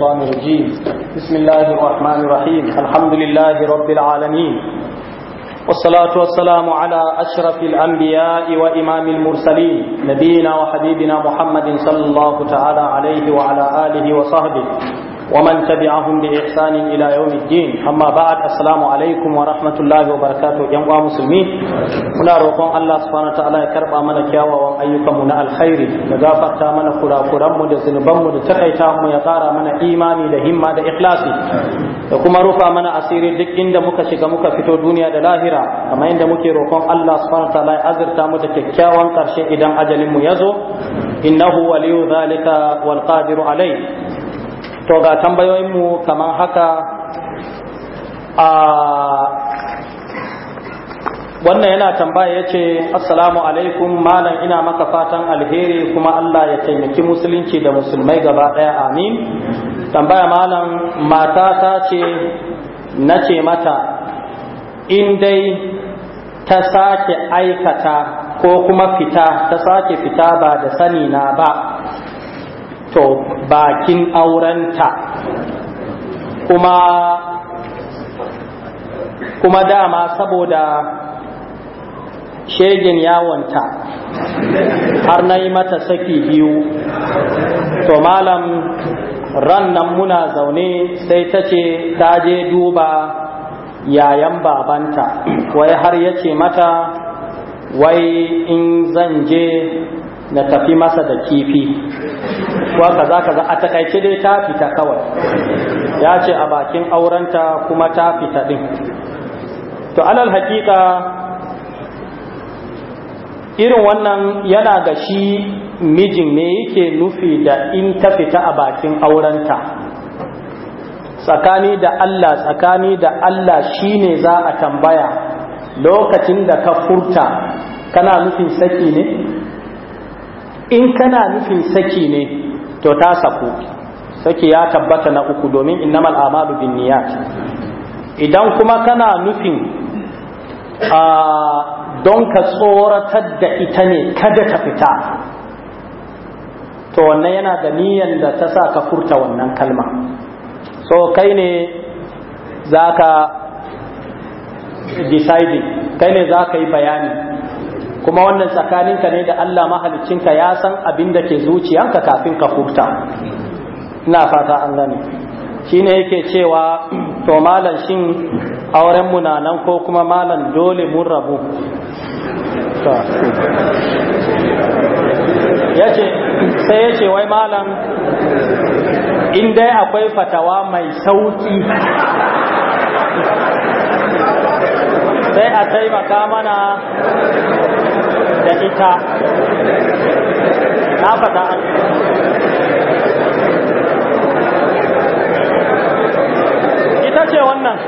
الشيطان الرجيم بسم الله الرحمن الرحيم الحمد لله رب العالمين والصلاة والسلام على أشرف الأنبياء وإمام المرسلين نبينا وحبيبنا محمد صلى الله تعالى عليه وعلى آله وصحبه ومن تبعهم بإحسان إلى يوم الدين أما بعد السلام عليكم ورحمة الله وبركاته جمع مسلمين هنا رقم الله سبحانه وتعالى يكرب أمنا كياوة وأيكم من الخير نغافر تامنا خلا قرم دزنبم دتقي تام يطار من إيماني لهم دا إخلاصي وكما رفع من أسير دك إن دمك شكمك في دنيا دا لاهرة أما إن دمك رقم الله سبحانه وتعالى أزر تام تكياوة قرشي إدم أجل ميزو إنه ولي ذلك والقادر عليه to ga tambayoyinmu kamar haka a wannan yana tambaya yace, ce assalamu alaikum malam ina maka fatan alheri kuma Allah ya taimaki musulunci da musulmai gaba ɗaya amin tambaya malam mata ta ce na ce mata in dai ta sake aikata ko kuma fita ta sake fita ba da sani na ba to bakin aurenta kuma kuma dama saboda shegin yawonta har na yi mata saki biyu to malam ran nan muna zaune sai ta ce ta je duba yayan babanta wai har ya ce mata wai in zan je na tafi masa da kifi ko kaza kaza a takaice dai ta fita kawai ya ce a bakin aurenta kuma ta fita din to alal hakika irin wannan yana ga shi mijin ne yake nufi da in ta fita a bakin aurenta tsakani da Allah tsakani da Allah shi ne za a tambaya lokacin da ka furta kana nufin saki ne in kana nufin saki ne to ta saku saki ya tabbata na uku domin innamal amalu bin niyat idan kuma kana nufin a don ka tsoratar da ita ne kada ta fita to wannan yana da niyyar da ta sa ka furta wannan kalma so kai ne za ka deciding kai ne za ka yi bayani kuma wannan tsakaninka ne da Allah mahaliccinka ya san abin da ke zuciyanka kafin ka furta ina fata an gane ne yake cewa to malam shin auren munanan ko kuma malam dole mun rabu yace sai ce wai malam in dai akwai fatawa mai sauki sai a taimaka mana da ita na faɗa ita ce wannan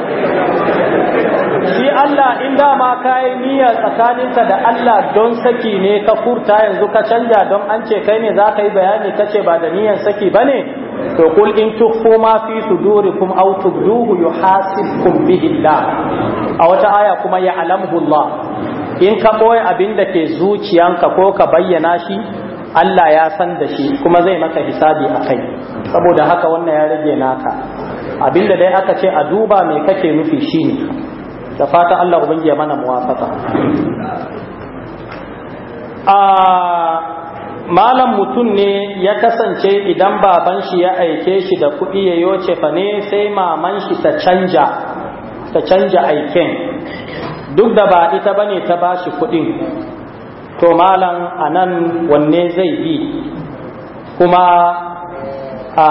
shi Allah in dama kayan niyya tsakaninka da Allah don saki ne ka furta yanzu ka canja don an ce kai ne za ka yi bayani ka ce ba da niyyar saki ba ne to kul in tukhu ma fi sudurikum aw tubduhu yuhasibkum bihi Allah a wata aya kuma ya alamhu Allah in ka ɓoye abin da ke zuciyanka ko ka bayyana shi Allah ya san da shi kuma zai maka hisabi a kai saboda haka wannan ya rage naka abin da dai aka ce a duba mai kake nufi shi ne da fata Allah ubangi ya mana muwafata. a malam mutum ne ya kasance idan baban shi ya aike shi da kuɗi ya yoce fa ne sai maman shi ta canja ta canja aiken duk da ba ita bane ta bashi kudin, to malam a nan wanne zai bi kuma a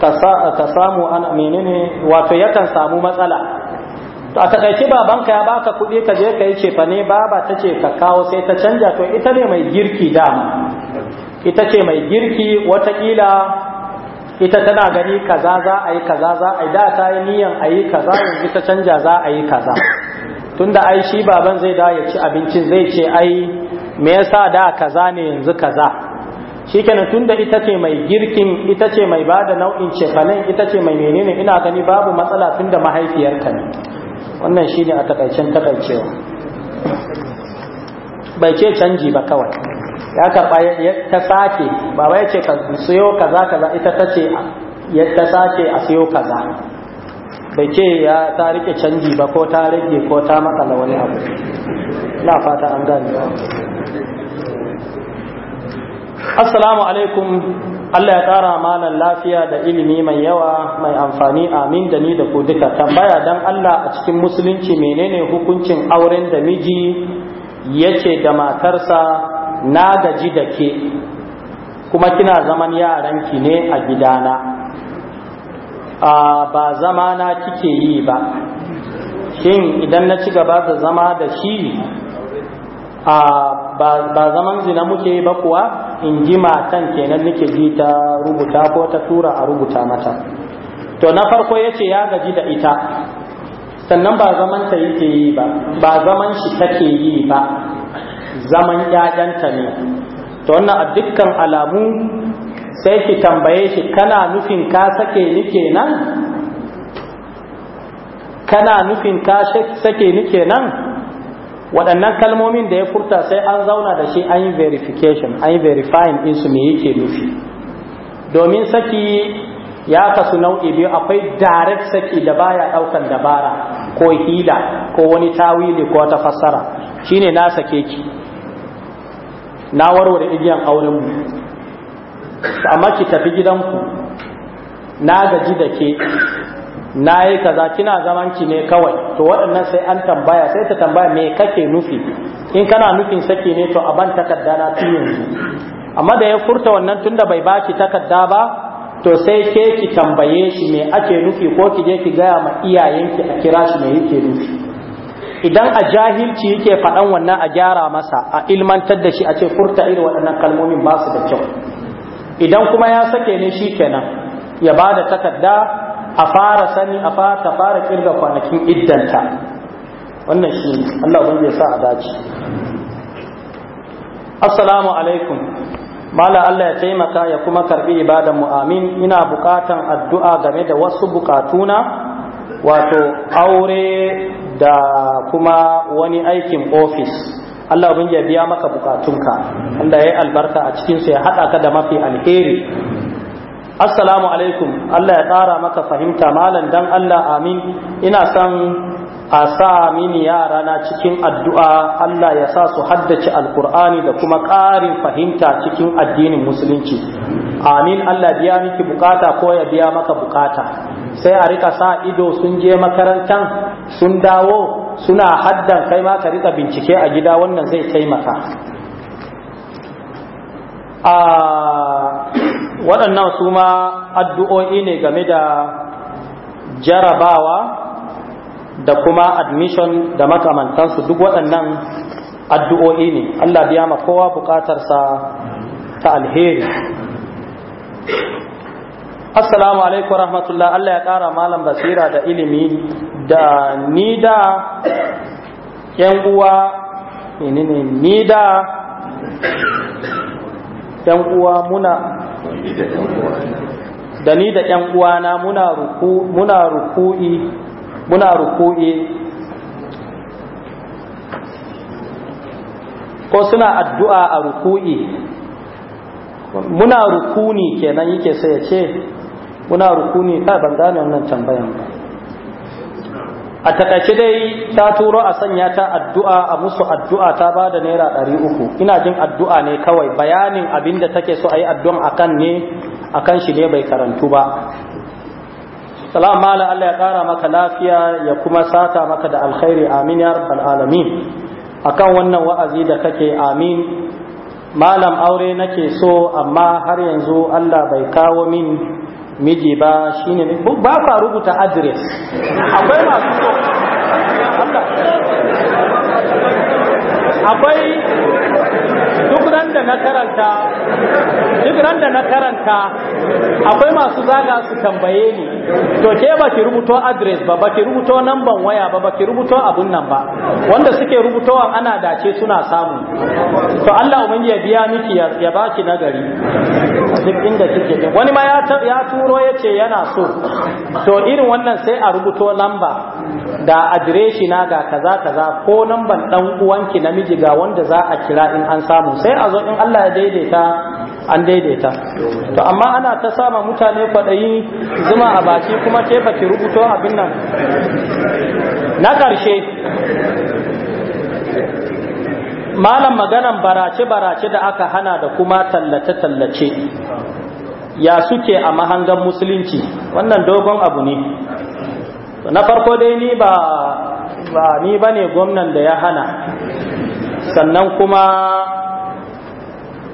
ta samu an menene wato yakan samu matsala a takaice babanka ya baka kuɗi ka je ka yi cefa ne baba ta ce ka kawo sai ta canja to ita ne mai girki dama ita ce mai girki watakila ita tana gani kaza za a yi kaza za a yi da ta yi niyan a yi kaza yanzu ta canja za a yi kaza tunda ai shi baban zai da ya ci abincin zai ce ai me yasa da kaza ne yanzu kaza shikenan tunda ita ce mai girkin ita ce mai bada nau'in cefanen ita ce mai menene ina gani babu matsala tunda mahaifiyarka ne wannan shine a takaicen takaicewa bai ce canji ba kawai ya karba ta sake baba ya ce ka siyo kaza kaza ita ta ce ta sake a siyo kaza bai ce ya ta rike canji ba ko ta rike ko ta matsala wani abu na fata an gani assalamu alaikum Allah ya ƙara malan lafiya da ilimi mai yawa mai amfani amin da ni da ku duka tambaya don Allah a cikin musulunci menene hukuncin auren da miji yace da matarsa na gaji da ke kuma kina zaman yaranki ne a gidana a ba zama na kike yi ba shin idan na ci gaba da zama da shi a ba zaman zina muke yi ba kuwa in ji matan kenan nake ji ta rubuta ko ta tura a rubuta mata to na farko ya ce ya gaji da ita sannan ba zaman ta ke yi ba ba zaman shi take yi ba zaman ƴaƴanta ne to wannan a dukkan alamu sai ki tambaye shi kana nufin ka sake ni kenan kana nufin ka sake ni kenan waɗannan kalmomin da ya furta sai an zauna da shi an yi verification an yi verifying su me yake nufi domin saki ya kasu nau'i biyu akwai direct saki da baya ɗaukan dabara ko hila ko wani tawili ko wata fassara shine na sake ki na warware igiyan auren mu amma ki tafi gidanku na gaji da ke na yi kaza kina zaman ki ne kawai to waɗannan sai an tambaya sai ta tambaya me kake nufi in kana nufin saki ne to a takarda na tun yanzu amma da ya furta wannan tunda bai baki takarda ba to sai ke ki tambaye shi me ake nufi ko ki je ki gaya ma iyayenki a kira shi me yake nufi idan a jahilci yake faɗan wannan a gyara masa a ilmantar da shi a ce furta irin waɗannan kalmomin ba su da kyau idan kuma ya sake ne shi kenan ya ba da takarda a fara sani a fara fara kirga kwanakin iddanta wannan shi Allah ya sa a dace assalamu alaikum mala Allah ya taimaka ya kuma karbi ibadan mu amin ina bukatan addu'a game da wasu bukatuna wato aure da kuma wani aikin ofis Allah abin ya biya maka bukatunka Allah ya yi albarka a cikinsu ya haɗa ka da mafi alheri assalamu alaikum Allah ya ƙara maka fahimta malam dan Allah amin ina son a sa mini yara na cikin addu'a Allah ya sa su haddace alkur'ani da kuma ƙarin fahimta cikin addinin musulunci amin Allah biya miki bukata ko ya biya maka bukata sai a rika sa ido sun je makarantan sun dawo suna haddan kai ma ka rika bincike a gida wannan zai taimaka a waɗannan su ma addu'o'i ne game da jarabawa da kuma admission da makamantansu duk waɗannan addu'o'i ne Allah biya ma kowa buƙatarsa ta alheri assalamu alaikum rahmatullah Allah ya ƙara malam basira da ilimi da ni da yan uwa menene ni da yan uwa muna da ni da yan uwana muna muna ruku'i muna ruku'i ko suna addu'a a ruku'i muna rukuni kenan yake sai ya ce muna rukuni ta ban gane wannan tambayan ba a takaice dai ta turo a sanya ta addu'a a musu addu'a ta ba da naira ɗari uku ina jin addu'a ne kawai bayanin abin da take so a yi addu'an akan ne akan shi ne bai karantu ba salam mala Allah ya kara maka lafiya ya kuma sata maka da alkhairi amin ya rabbal alamin akan wannan wa'azi da kake amin malam aure nake so amma har yanzu Allah bai kawo min miji ba shi ne ba ka rubuta adres. akwai masu so akwai duk ran da na karanta duk ran da na karanta akwai masu zaga su tambaye ni to ke ba ki rubuto adres ba ba ki rubuto namban waya ba ba ki rubuto abun nan ba wanda suke rubutowa ana dace suna samu to Allah ubangi ya biya miki ya baki nagari duk inda suke din wani ma ya turo yace yana so to irin wannan sai a rubuto lamba da adireshi na ga kaza kaza ko lamban dan uwanki namiji ga wanda za a kira in an samu sai a zo in Allah ya daidaita an daidaita to amma ana ta sama mutane kwaɗayi zuma a baki kuma ke baki rubuto abin nan na karshe malam maganan barace-barace da aka hana da kuma tallace-tallace ya suke a mahangan musulunci wannan dogon abu ne na farko dai ni ba ba ni ba ne gwamnan da ya hana sannan kuma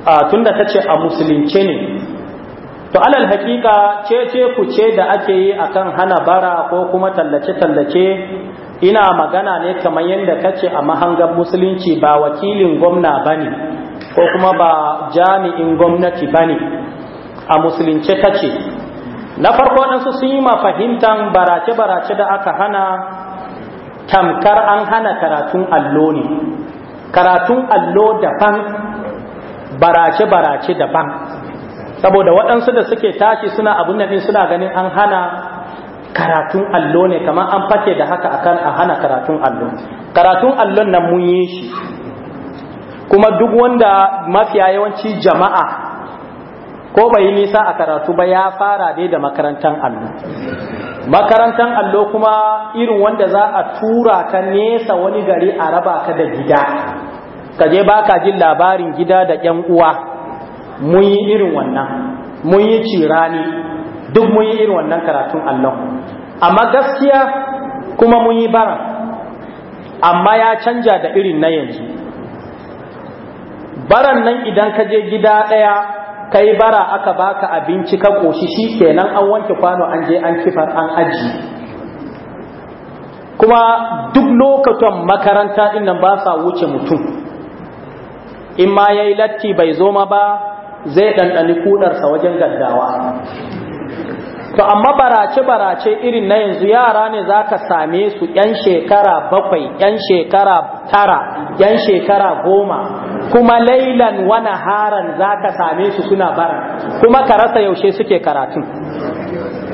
a tunda ta ce a musulunce ne to alal hakika ce ce ku ce da ake yi akan hana bara ko kuma tallace-tallace ina magana ne kamar yadda kace a mahangar musulunci ba wakilin gwamna bane ko kuma ba jami'in gwamnati bane a musulunce kace na farko su sun yi mafahimtan barace-barace da aka hana tamkar an hana karatun allo ne karatun allo daban barace-barace daban saboda waɗansu da suke tashi suna abin daɗin suna ganin an hana karatun allo ne kamar an fake da haka akan a hana karatun allo karatun allon nan mun yi shi kuma duk wanda mafiya yawanci jama'a ko bai yi nisa a karatu ba ya fara dai da makarantar allo makarantar allo kuma irin wanda za a tura ka nesa wani gari a raba ka da gida ka je baka jin labarin gida da yan uwa mun yi irin wannan mun yi cirani duk mun yi irin wannan karatun Allah amma gaskiya kuma mun yi bara amma ya canja da irin na yanzu baran nan idan ka je gida ɗaya ka yi bara aka baka abinci ka ƙoshi shi kenan an wanke kwano an je an kifar an aji kuma duk lokacin makaranta ɗin nan ba sa wuce mutum in ma ya yi latti bai zo ma ba zai ɗanɗani kudarsa wajen gaddawa to amma barace-barace irin na yanzu yara ne za ka same su 'yan shekara bakwai 'yan shekara tara 'yan shekara goma kuma lailan wani haran za ka same su suna bara kuma ka rasa yaushe suke karatun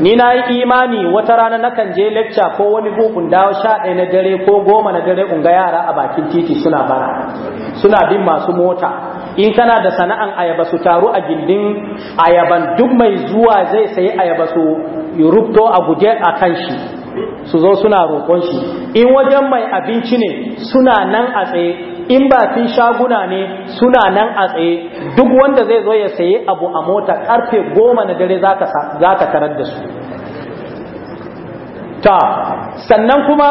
ni na yi imani wata rana na kan je lecture ko wani bukun dawo sha ɗaya na dare ko goma na dare unga yara a bakin titi suna bara suna bin masu mota in kana da sana'an ayaba su taru a gindin ayaban duk mai zuwa zai sayi ayaba su rubto a guje a kan shi su zo suna roƙon shi in wajen mai abinci ne suna nan a tsaye in ba fi shaguna ne suna nan a tsaye duk wanda zai zo ya sayi abu a mota karfe goma na dare za ka tarar da su ta sannan kuma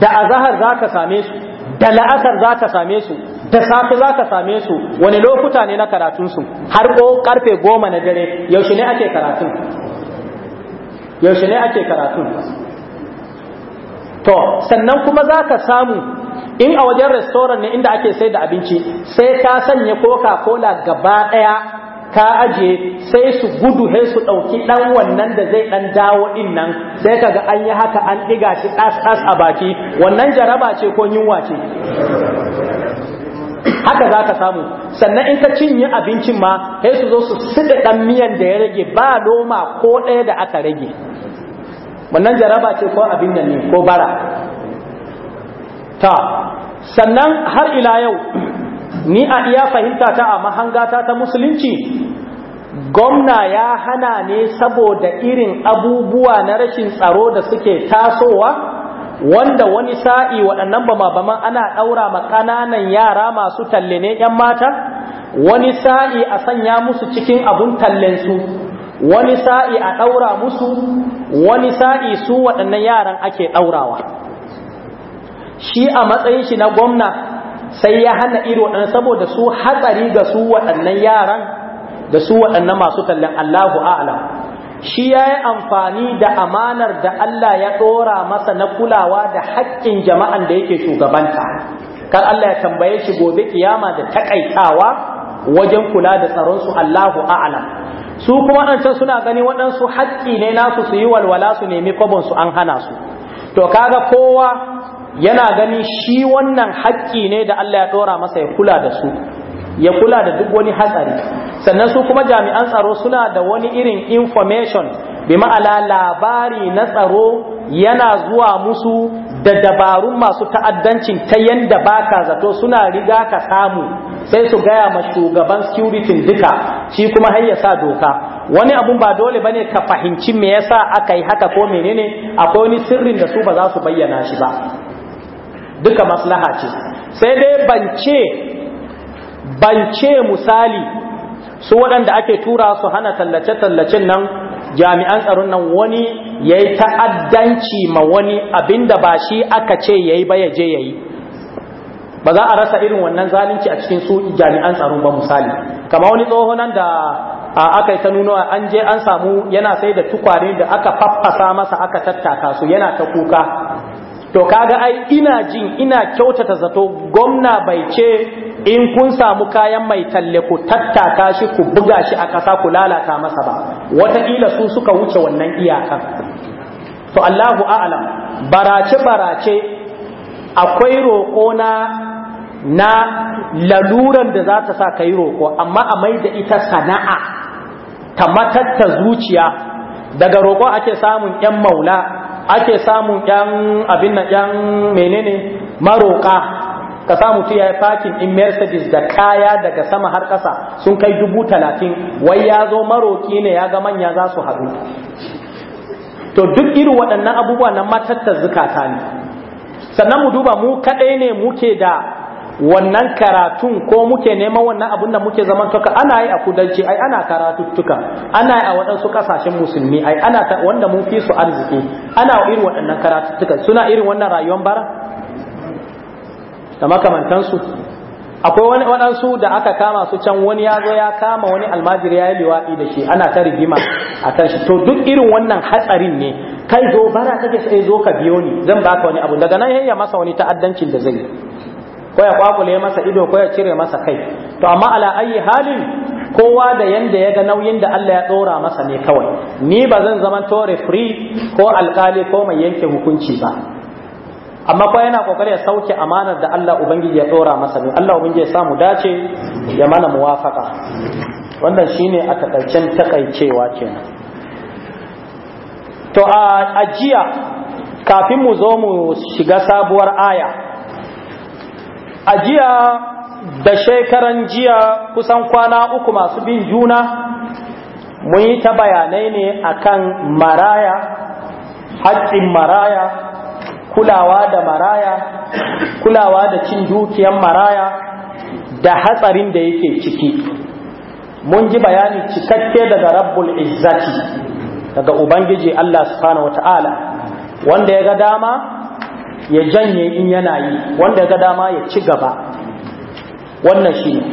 da azahar za ka same su da la'asar za ka same su da safe za ka same su wani lokuta ne na karatunsu har ko karfe goma na dare yaushe ne ake karatun yaushe ne ake karatun to sannan kuma za ka samu in a wajen restoran ne inda ake sai da abinci sai ka sanya coca-cola gaba ɗaya ka aje sai su gudu sai su ɗauki ɗan wannan da zai ɗan dawo ɗin nan sai kaga an yi haka an ɗiga shi ɗas ɗas a baki wannan jaraba ce ko yunwa ce haka za ka samu sannan in ka cinye abincin ma sai su zo su siɗa ɗan miyan da ya rage ba noma ko ɗaya da aka rage wannan jaraba ce ko abin nan ne ko bara ta sannan har ila yau ni a iya fahimta ta a mahangata ta musulunci gwamna ya hana ne saboda irin abubuwa na rashin tsaro da suke tasowa wanda wani sa'i waɗannan bama mabaman ana ɗaura ma ƙananan yara masu talle ne 'yan mata wani sa'i a sanya musu cikin abun tallensu wani sa'i a ɗaura musu wani sa'i su waɗannan yaran ake ɗaurawa shi a matsayin shi na gwamna sai ya hana ido ɗan saboda su hatsari ga su waɗannan yaran da su waɗannan masu tallan Allahu a'lam shi ya yi amfani da amanar da Allah ya ɗora masa na kulawa da haƙƙin jama'an da yake shugabanta kar Allah ya tambaye shi gobe kiyama da takaitawa wajen kula da tsaronsu Allahu a'lam su kuma ɗan suna gani waɗansu haƙƙi ne nasu su yi walwala su nemi su an hana su to kaga kowa yana gani shi wannan haƙƙi ne da Allah ya ɗora masa ya kula da su ya kula da duk wani hatsari sannan su kuma jami'an tsaro suna da wani irin information bi ma'ala labari na tsaro yana zuwa musu da dabarun masu ta'addancin ta yanda baka zato suna riga ka samu sai su gaya ma shugaban security duka shi kuma har ya sa doka wani abun ba dole bane ka fahimci me yasa aka yi haka ko menene akwai wani sirrin da su ba za su bayyana shi ba duka maslaha ce sai dai bance bance misali su waɗanda ake tura su hana tallace-tallacen nan jami'an tsaron nan wani ya yi ta'addanci ma wani abinda ba shi aka ce ya yi ba ya je ya yi ba za a rasa irin wannan zalunci a cikin su jami'an tsaro ba misali kama wani tsoho nan da a aka yi ta nuno an je an samu yana sai da tukwane da aka faffasa masa aka tattaka su yana ta kuka to kaga ai ina jin ina kyautata zato gwamna bai ce in kun samu kayan mai talle ku tattaka shi ku buga shi a ƙasa ku lalata masa ba wataƙila su suka wuce wannan iyakan to Allahu a'lam barace barace akwai roƙo na na laluran da za ta sa ka yi roƙo amma a mai da ita sana'a ta matatta zuciya daga roƙo ake samun 'yan maula ake samun yan abin nan yan menene maroka ka samu mutum ya yi fakin in mercedes da kaya daga sama har ƙasa sun kai dubu talatin wai ya zo maroki ne ya ga manya za su haɗu to duk irin waɗannan abubuwa na matattar zukata ne sannan mu duba mu kaɗai ne muke da wannan karatun ko muke neman wannan abun da muke zaman toka ana yi a kudanci ai ana karatuttuka ana yi a waɗansu ƙasashen musulmi ai ana ta wanda mun fi su arziki ana irin waɗannan karatuttuka suna irin wannan rayuwar bara da makamantansu akwai wani waɗansu da aka kama su can wani ya zo ya kama wani almajiri ya yi liwaɗi da shi ana ta rigima a kan shi to duk irin wannan hatsarin ne kai zo bara kake sai zo ka biyo ni zan baka wani abu daga nan yayya masa wani ta'addancin da zai yi ko ya kwakule masa ido ko ya cire masa kai to amma ala ayi halin kowa da yanda ya ga nauyin da Allah ya dora masa ne kawai ni ba zan zama tore referee ko alkali ko mai yanke hukunci ba amma ko yana kokari ya sauke amanar da Allah ubangiji ya dora masa ne Allah ubangiji ya samu dace ya mana muwafaka wannan shine a takaicen takaicewa kenan to a ajiya kafin mu zo mu shiga sabuwar aya a jiya da shekaran jiya kusan kwana uku masu bin juna mun yi ta bayanai ne akan maraya haƙƙin maraya kulawa da maraya kulawa da cin dukiyan maraya da hatsarin da yake ciki mun ji bayani cikakke daga rabbul izzati daga ubangiji Allah subhanahu wata'ala wanda ya ga dama ya janye in yana yi wanda ga dama ya ci gaba wannan shi ne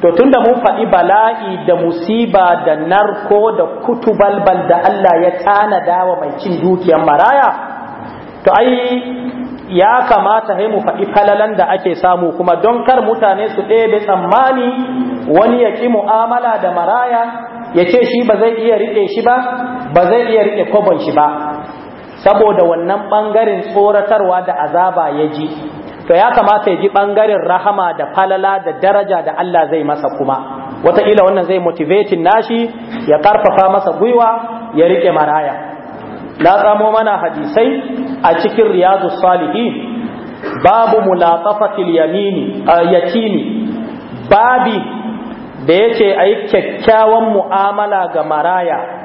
to tunda mun faɗi bala'i da musiba da narko da kutubalbal da Allah ya tana wa mai cin dukiyar maraya to ai ya kamata mu faɗi falalan da ake samu kuma don kar mutane su ɗebe tsammani wani ya ƙi mu'amala da maraya ya ce shi ba zai iya riƙe shi ba ba zai iya riƙe kwabon shi ba saboda wannan ɓangaren tsoratarwa da azaba ya ji to ya kamata ya ji ɓangaren rahama da falala da daraja da Allah zai masa kuma wataƙila wannan zai motivating nashi ya ƙarfafa masa gwiwa ya riƙe maraya na samo mana hadisai a cikin riyadu salihi babu mulatafatil yamini yatimi babi da yake ayi kyakkyawan mu'amala ga maraya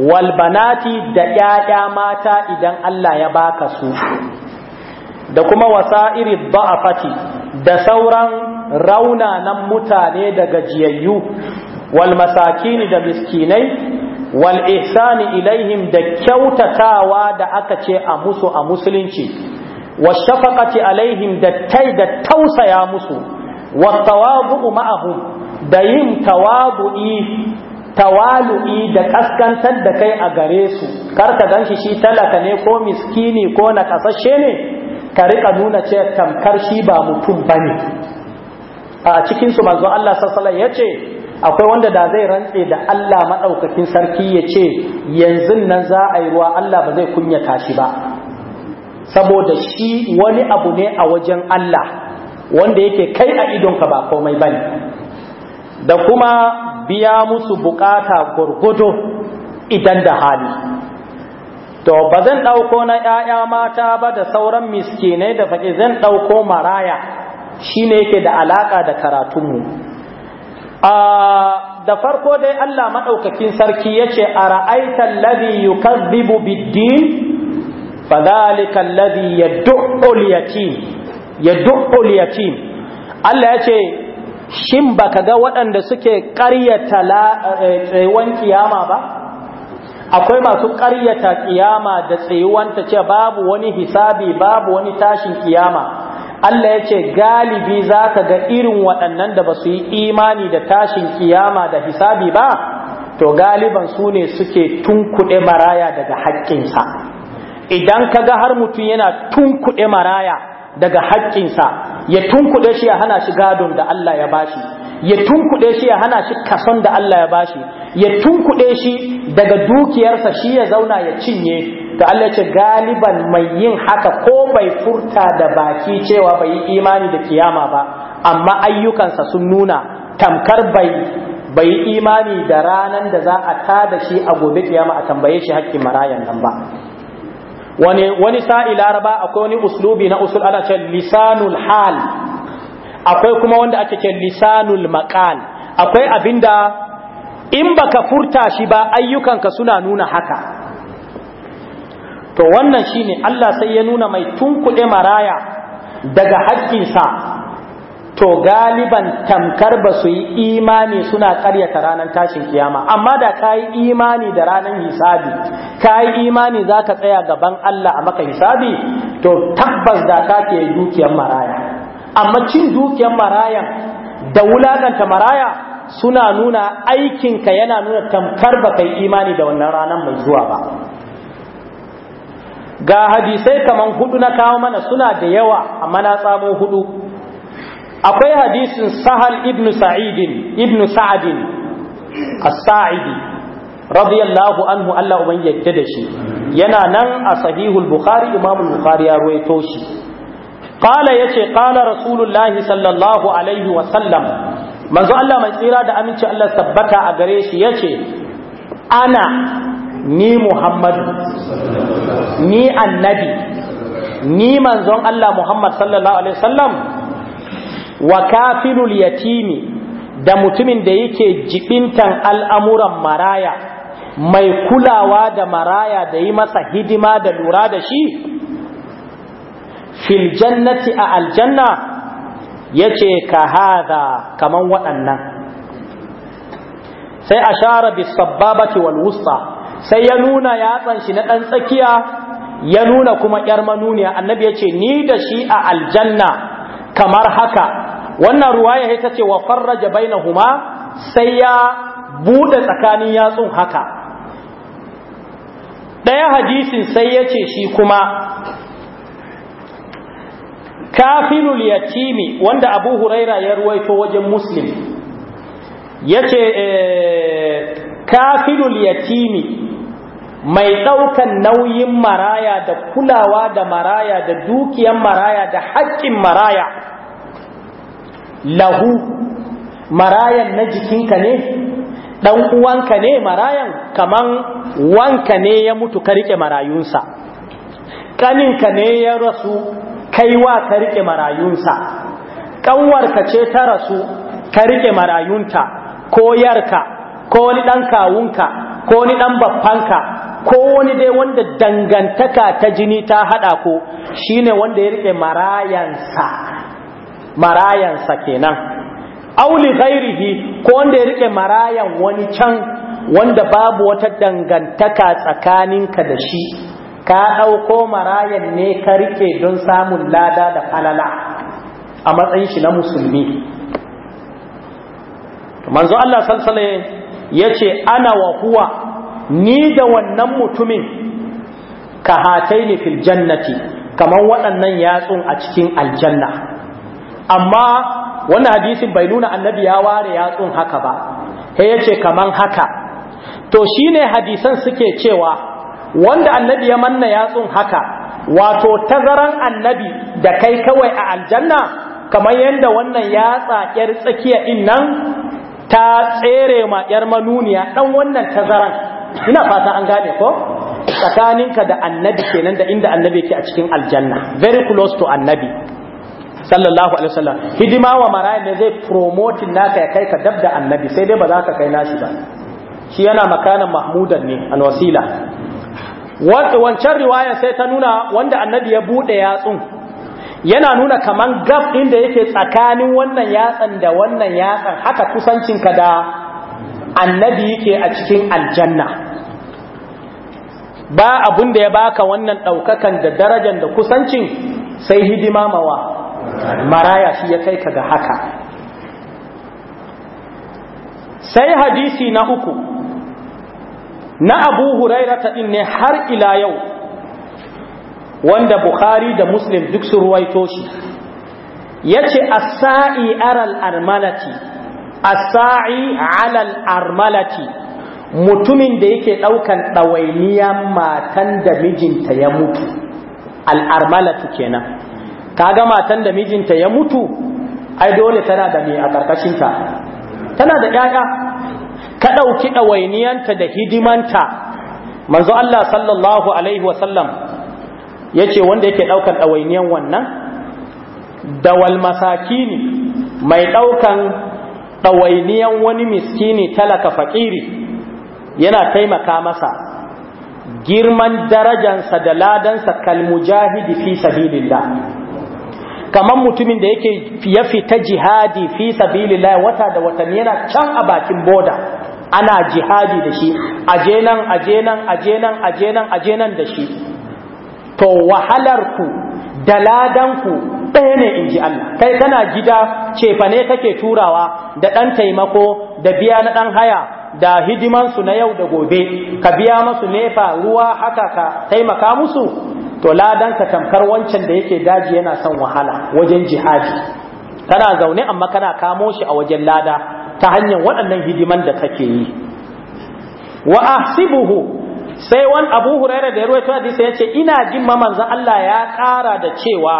walbanati da ‘ya'ya mata idan Allah ya baka su, da kuma wasa'iri ba'afati da sauran raunanan mutane da gajiyayyu, walmasakini da miskinai, wal'ihsani ilaihim da kyautatawa da aka ce a musu a musulunci, washafakaci alaihim da tai da tausaya musu, tawabu ma'ahum da yin tawabu'i tawalu'i da kaskantar da kai a gare su kar ka ganshi shi talaka ne ko miskini ko na kasashe ne ka rika nuna ce tamkar shi ba mutum bane a cikin su manzo Allah sassala ya ce akwai wanda da zai rantse da Allah maɗaukakin sarki ya ce yanzu nan za a yi ruwa Allah ba zai kunyata shi ba saboda shi wani abu ne a wajen Allah wanda yake kai a idonka ba komai ba ne. da kuma biya musu bukata gurgudu idan da hali to ba zan ɗauko na ‘ya'ya mata ba da sauran miskinai da faƙi zan ɗauko maraya shi ne yake da alaƙa da karatunmu da farko dai Allah maɗaukakin sarki ya ce a ra'aitan labi yi zibu biddin fa zalikan labi ya du'ul yatim Allah ya ce shin ba ka ga waɗanda suke ƙaryata eh, tsayuwan kiyama ba akwai masu ƙaryata kiyama da tsayuwanta ce babu wani hisabi babu wani tashin kiyama Allah ya ce galibi za ka ga irin waɗannan da ba su yi imani da tashin kiyama da hisabi ba to galiban su ne suke tunkuɗe maraya daga haƙƙinsa idan ka ga har mutum yana tunkuɗe maraya daga haƙƙinsa ya tunkuɗe shi ya hana shi gadon da Allah ya bashi ya tunkuɗe shi ya hana shi kason da Allah ya bashi ya tunkuɗe shi daga dukiyarsa shi ya zauna ya cinye to Allah ce galiban mai yin haka ko bai furta da baki cewa bai yi imani da kiyama ba amma ayyukansa sun nuna tamkar bai bai yi imani da ranan da za a tada shi a gobe kiyama a tambaye shi haƙƙin marayan nan ba wani wani sa'i laraba akwai wani uslubi na usul ana ce lisanul hal akwai kuma wanda ake ce lisanul maqal akwai abinda in baka furta shi ba ayyukanka suna nuna haka to wannan shine Allah sai ya nuna mai tunkuɗe maraya daga haƙƙinsa to galiban tamkar ba su yi imani suna karyata ranar tashin kiyama amma da ka yi imani da ranar hisabi ka yi imani za ka tsaya gaban Allah a maka hisabi to tabbas da ka ke dukiyar maraya amma cin dukiyar maraya da wulakanta maraya suna nuna aikinka yana nuna tamkar ba kai imani da wannan ranar mai zuwa ba ga hadisai kamar hudu na kawo mana suna da yawa amma na tsamo hudu akwai hadisin sahal ibn sa'idin ibn sa'adin as-sa'idi radiyallahu anhu Allah uban yadda da shi yana nan a sahihul bukhari imam bukhari ya ruwaito shi qala yace qala rasulullahi sallallahu alaihi wa sallam manzo Allah mai tsira da aminci Allah tabbata a gare shi yace ana ni Muhammad, ni annabi ni manzon Allah Muhammad sallallahu alaihi wa sallam. wa kafilul yatimi da mutumin da yake jibintan al'amuran maraya mai kulawa da maraya da yi masa hidima da lura da shi fil jannati a aljanna yace ka hada kaman waɗannan sai a share sabbabati wal sai ya nuna yatsan shi na ɗan tsakiya ya nuna kuma ƴar manuniya annabi yace ni da shi a aljanna kamar haka wannan ruwaya ita ce wa farraja huma sai ya bude tsakanin yatsun haka ɗaya hadisin sai ya ce shi kuma kafilul yatimi wanda abu huraira ya ruwaito wajen muslim ya ce eh, kafilul yatimi mai daukan nauyin maraya da kulawa da maraya da dukiyan maraya da haƙƙin maraya lahu marayan na jikinka ne dan uwanka ne marayan kaman wanka ne ya mutu ka riƙe marayunsa kaninka ne ya rasu kaiwa ka riƙe marayunsa ƙanwarka ce ta rasu ka riƙe marayunta ko yarka ko wani ɗan kawunka ko wani ɗan babbanka ko wani dai wanda dangantaka ta jini ta haɗa ko shine wanda ya rike marayansa marayansa kenan auli ghairihi ko wanda ya rike marayan wani can wanda babu wata dangantaka tsakaninka da shi ka ɗauko marayan ne ka rike don samun lada da falala a matsayin shi na musulmi manzo Allah salsale ya ce ana wa huwa ni da wannan mutumin ka hatai ni fil jannati kamar waɗannan yatsun a cikin aljanna amma wannan hadisin bai nuna annabi ya ware yatsun haka ba sai yace kaman haka to shine hadisan suke cewa wanda annabi ya manna yatsun haka wato tazaran annabi da kai kawai a aljanna kamar yadda wannan yatsa yar tsakiya din nan ta tsere ma yar manuniya dan wannan tazaran ina fata an gane ko tsakaninka da annabi kenan da inda annabi yake a cikin aljanna very close to annabi sallallahu alaihi wasallam hidima wa maraya ne zai promoting naka ya kai ka dab da annabi sai dai ba za ka kai nashi ba shi yana makanan mahmudan ne Wasila. wancan riwaya sai ta nuna wanda annabi ya bude yatsun yana nuna kaman gaf da yake tsakanin wannan yatsan da wannan yatsan haka kusancinka da annabi yake a cikin aljanna ba abun da ya baka wannan ɗaukakan da darajar da kusancin sai hidima mawa maraya shi ya kai ka ga haka sai hadisi na uku na abu huraira ta ne har ila yau wanda bukhari da muslim duk su ruwaito shi ya ce asa'i aral armalati asa'i alal armalati mutumin da yake ɗaukan ɗawainiyan matan da mijinta ya mutu al al'armalatu kenan kaga matan da mijinta ya mutu ai dole tana da me a ƙarƙashinta. tana da ƴaƴa ka ɗauki ɗawainiyanta da hidimanta manzo Allah sallallahu alaihi wasallam yace wanda yake ɗaukan ɗawainiyan wannan da walmasakini mai ɗaukan ɗawainiyan wani miskini talaka faƙiri yana taimaka masa girman darajansa da ladansa kalmujahidi fi sabilillah kamar mutumin da yake ya fita jihadi fi lai wata da watanni yana can a bakin boda ana jihadi da shi aje nan aje nan aje da shi to wahalar ku da ladanku ku ɗaya ne in ji Allah kai kana gida cefane kake turawa da ɗan taimako da biya na ɗan haya da hidimansu na yau da gobe ka biya masu nefa ruwa haka ka taimaka musu to ladan ka tamkar wancan da yake daji yana son wahala wajen jihadi kana zaune amma kana kamo shi a wajen lada ta hanyar waɗannan hidiman da take yi wa ahsibuhu sai wani abu huraira da ya ruwaito hadisi ya ce ina jin mamanzan Allah ya ƙara da cewa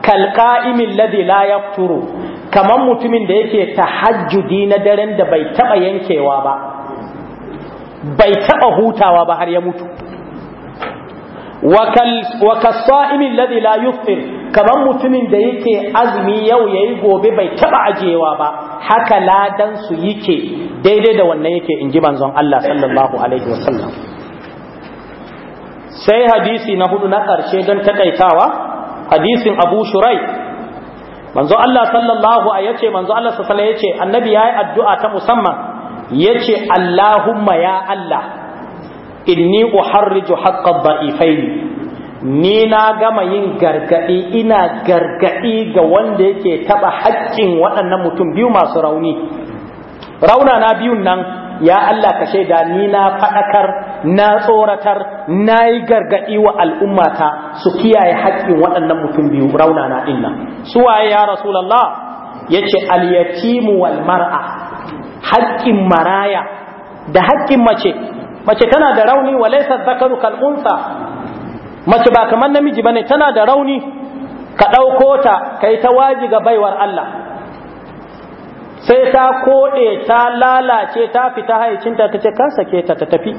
kalqa'imin ladhi la yafturu kamar mutumin da yake tahajjudi na daren da bai taba yankewa ba bai taba hutawa ba har ya mutu wa kasa'imin ladhi la yufṭir kaman mutumin da yake azumi yau yayi gobe bai taba ajewa ba haka ladan su yake daidai da wannan yake inji manzon Allah sallallahu alaihi wasallam sai hadisi na hudu na ƙarshe don taƙaitawa hadisin Abu Shurai manzo Allah sallallahu alaihi yace manzo Allah sallallahu ya ce annabi yayi addu'a ta musamman yace Allahumma ya Allah inni uharriju haqqad da'ifaini ni na gama yin gargadi ina gargadi ga wanda yake taba haƙƙin waɗannan mutum biyu masu rauni rauna na biyun nan ya Allah ka shaida ni na faɗakar na tsoratar na yi gargadi wa al'ummata su kiyaye haƙƙin waɗannan mutum biyu rauna na inna waye ya rasulullah yace al-yatimu wal mar'a haƙƙin maraya da haƙƙin mace mace tana da rauni wa laisa zakaru kal unsa mace ba kamar namiji bane tana da rauni ka dauko ta kai ta waji ga baiwar Allah sai ta kode ta lalace ta fita haicinta tace kan sake ta ta tafi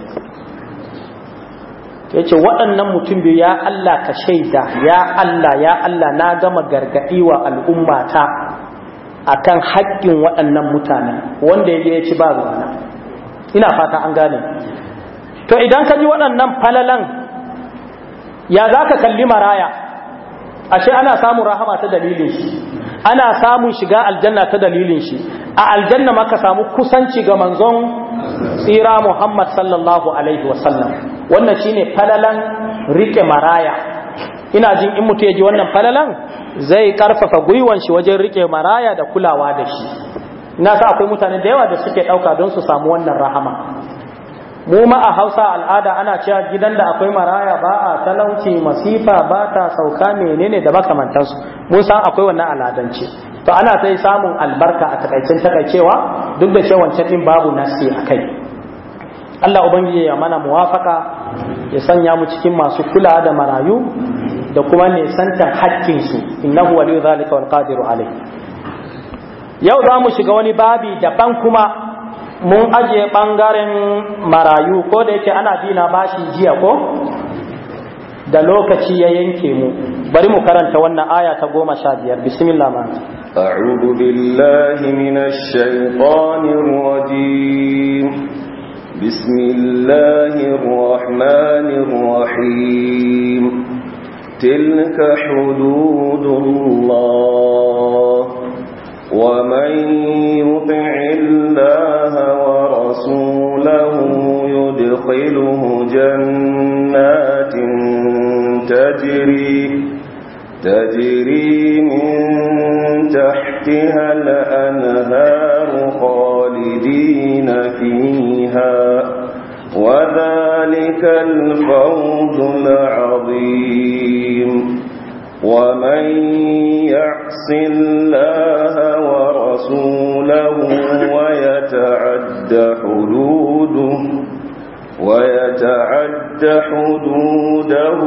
yace ce waɗannan mutum biyu ya Allah ka shaida ya Allah ya Allah na gama gargadi wa al'ummata ta akan haƙƙin waɗannan mutane wanda ya ci ba ruwana ina fata an gane to idan ka ji waɗannan falalan ya za ka kalli maraya ashe ana samun rahama ta dalilin shi ana samun shiga aljanna ta dalilin shi a aljanna maka samu kusanci ga manzon tsira Muhammad sallallahu alaihi wasallam wannan ne falalan rike maraya ina jin in mutu ya ji wannan falalan zai karfafa gwiwan shi wajen rike maraya da kulawa da shi na sa akwai mutane da yawa da suke ɗauka don su samu wannan rahama mu ma a hausa al'ada ana cewa gidan da akwai maraya ba a talauci masifa ba ta sauka menene da makamantansu mu san akwai wannan al'adance to ana sai samun albarka a takaicin takaicewa duk da cewa wancan babu nasi a kai Allah ubangiji ya mana muwafaka ya sanya mu cikin masu kula da marayu da kuma nisantar haƙƙinsu innahu waliyu zalika wal qadiru alayh yau za mu shiga wani babi daban kuma mun aje ɓangaren marayu ko da yake ana dina bashi jiya ko da lokaci ya yanke mu bari mu karanta wannan aya ta goma sha biyar bismillah ma أعوذ بالله من الشيطان الرجيم بسم الله الرحمن الرحيم ومن يطع الله ورسوله يدخله جنات تجري تجري من تحتها الأنهار خالدين فيها وذلك الفوز العظيم ومن يعص الله ورسوله ويتعد حدوده ويتعد حدوده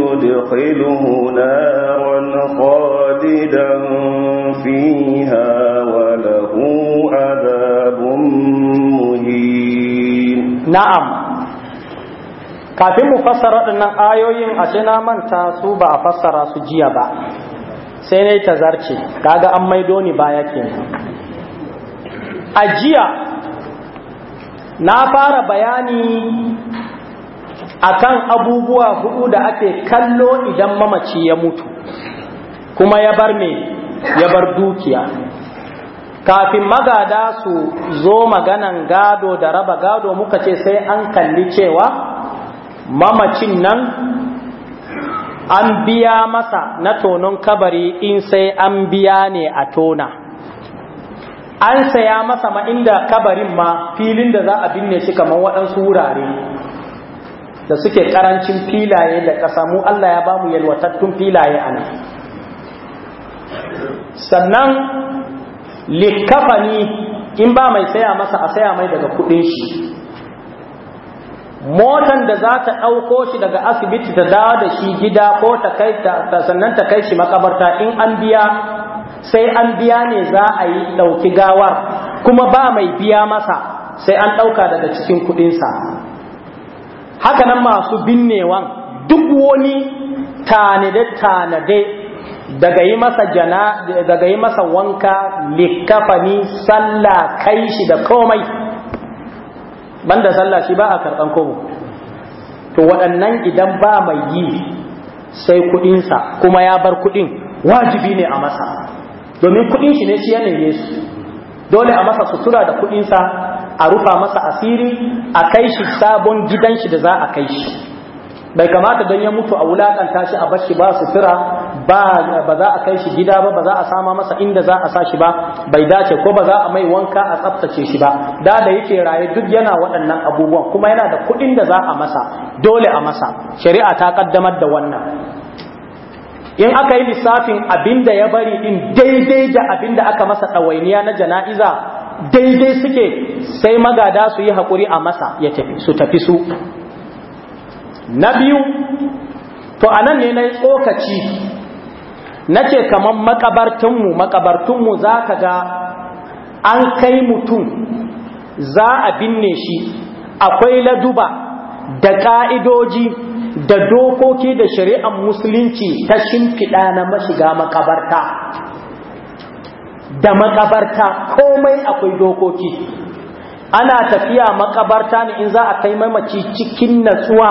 يدخله نارا خالدا فيها وله عذاب مهين نعم kafin mu fassara waɗannan ayoyin ashe na manta su ba a fassara su jiya ba sai na ta zarce kaga an maido ni baya ke. a jiya na fara bayani akan abubuwa hudu da ake kallo idan mamaci ya mutu kuma ya bar me ya bar dukiya kafin magada su zo maganan gado da raba gado muka ce sai an kalli cewa mamacin nan an biya masa na tonon kabari in sai an biya ne a tona an saya masa ma inda kabarin ma filin da za a binne shi kamar waɗansu wurare da suke ƙarancin filaye da ƙasa mu Allah ya bamu yalwatattun filaye a nan sannan likafani in ba mai saya masa a saya mai daga kuɗin shi motan da za ta ɗauko shi daga asibiti ta dawo da shi gida ko ta kai ta sannan ta kai shi makabarta in an biya sai an biya ne za a yi ɗauki gawar kuma ba mai biya masa sai an ɗauka daga cikin kuɗinsa nan masu binnewan duk wani tanade-tanade daga yi masa jana daga yi masa wanka likafani sallah kai shi da komai banda sallah shi ba a karɓan kobo to waɗannan idan ba mai yi sai kuɗinsa kuma ya bar kuɗin wajibi ne a masa domin kuɗin shi ne shi ya yesu su dole a masa sutura da kuɗinsa a rufa masa asiri a kai shi sabon gidan shi da za a kai shi bai kamata don ya mutu a wulaƙanta shi a bashi ba sutura ba za a kai shi gida ba ba za a sama masa inda za a sa shi ba bai dace ko ba za a mai wanka a tsaftace shi ba da da yake raye duk yana waɗannan abubuwan kuma yana da kuɗin da za a masa dole a masa shari'a ta kaddamar da wannan in aka yi lissafin abin da ya bari in daidai da abin da aka masa ɗawainiya na jana'iza daidai suke sai magada su yi haƙuri a masa ya tafi su tafi su na biyu to a nan ne na yi tsokaci Na ce kaman makabartunmu makabartunmu za ka ga an kai mutum za a binne shi akwai laduba da ka'idoji da dokoki da shari'ar musulunci ta shimfiɗa na mashiga makabarta da makabarta komai akwai dokoki ana tafiya makabarta ne in za a kai mamaci cikin natsuwa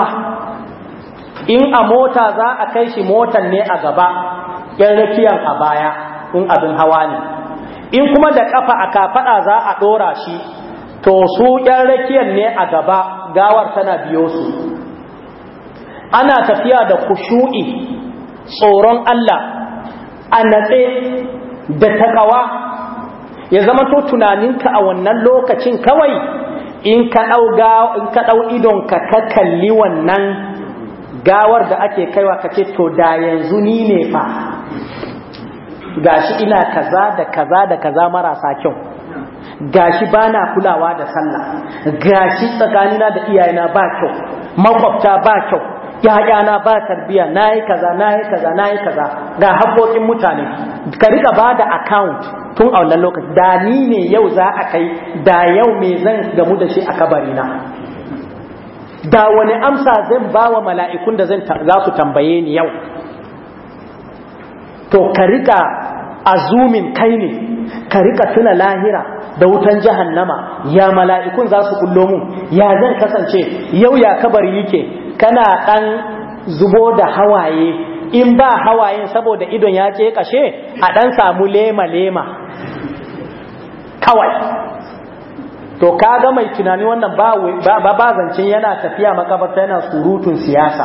in a mota za a kai shi motan ne a gaba yan a baya in abin hawa ne in kuma da kafa a kafada za a dora shi to su yan ne a gaba gawar tana biyo su ana tafiya da kushu'i tsoron Allah a natse da takawa ya zama to tunaninka a wannan lokacin kawai in ka ɗau idonka ka kalli wannan gawar da ake kaiwa kace to da yanzu ni ne fa gashi ina kaza da kaza da kaza marasa kyau gashi bana kulawa da sallah gashi tsakanina da iyayena ba kyau makwabta ba kyau ‘ya'yana ba tarbiya nayi kaza na kaza nayi kaza ga haƙoƙin mutane ka rika ba da account tun a wannan lokaci da ni ne yau za a kai da yau me zan gamu da shi a kabarina da wani amsa zan ba wa mala'ikun da za su tambaye ni yau to ka rika azumin kai ne ka rika tuna lahira da wutan jahannama ya mala'ikun za su kullo mu ya zan kasance yau ya kabari yake kana dan zubo da hawaye in ba hawaye saboda idon ya ce kashe a dan samu lema lema kawai to kaga mai tunani wannan ba ba zancen yana tafiya makabarta yana surutun siyasa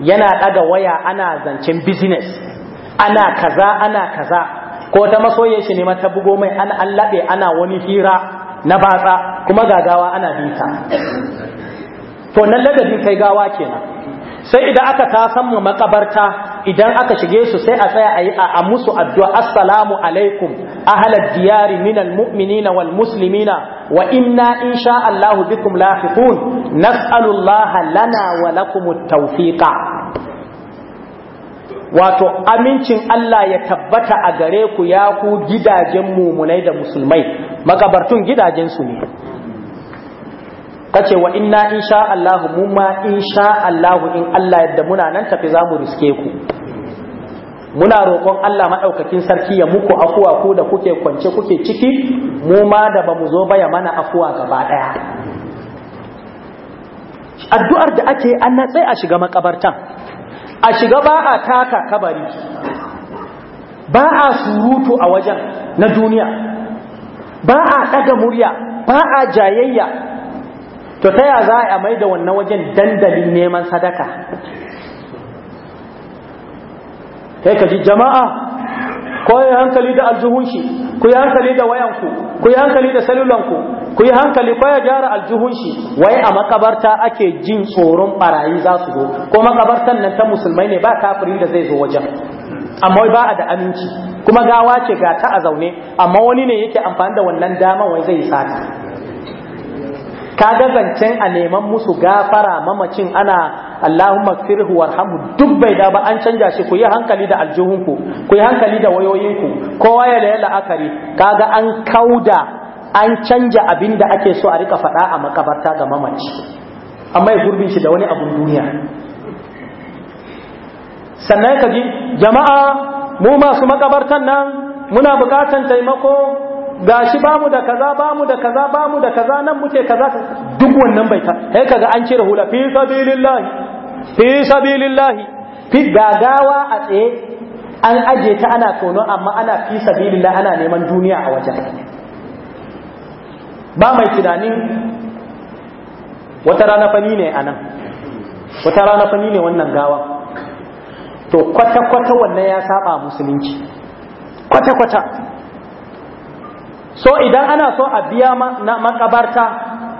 yana daga waya ana zancen business ana kaza ana kaza ko ta masoyin shi ne ta bugo mai an allabe ana wani hira na batsa kuma gagawa ana bita to nan ladabin kai gawa kenan sai idan aka tasan mu makabarta idan aka shige su sai a tsaya yi a musu addu'a assalamu alaikum ahlal diyari minal mu'minina wal muslimina wa inna insha Allah bikum lafiqun nas'alullaha lana wa lakumut tawfiqa wato amincin Allah ya tabbata a gare ku ya ku gidajen mumunai da musulmai makabartun gidajensu ne kace wa inna insha Allah mu ma insha Allah in Allah yadda muna nan tafi za mu riske ku muna roƙon Allah madaukakin sarki ya muku afuwa ku da kuke kwance kuke ciki mu ma da bamu zo ba ya mana afuwa gaba daya addu'ar da ake an a shiga makabartan a shiga ba a taka kabari ba a surutu a wajen na duniya ba a ɗaga murya ba a jayayya to ta ya za a mai da wannan wajen dandalin neman sadaka kai ka ji jama'a ko yi hankali da aljuhunshi ku yi hankali da wayanku ku yi hankali da salulanku ku yi hankali ko ya gyara aljuhunshi wai a makabarta ake jin tsoron barayi za su zo ko makabartan nan ta musulmai ne ba kafirin da zai zo wajen amma ba a da aminci kuma gawa ce ga ta a zaune amma wani ne yake amfani da wannan dama wai zai sata Ka kaga zancen a neman musu gafara mamacin ana Allahumma firhu warhamu duk bai da ba an canja shi ku yi hankali da aljihunku ku yi hankali da wayoyinku kowa ya laye la'akari kaga an kauda an canja abin da ake so a rika faɗa a makabarta ga mamaci amma ya gurbin shi da wani abun duniya sannan ka ji jama'a mu masu makabartan nan muna bukatan taimako gashi bamu da kaza bamu da kaza bamu da kaza nan muke kaza duk wannan bai ta sai kaga an cire hula fi sabilillahi fi sabilillahi fi gagawa a tsaye an aje ta ana tono amma ana fi sabilillahi ana neman duniya a wajen ba mai tunanin wata rana fani ne anan wata rana fani ne wannan gawa to kwata-kwata wannan ya saba musulunci kwata-kwata so idan ana so a biya na makabarta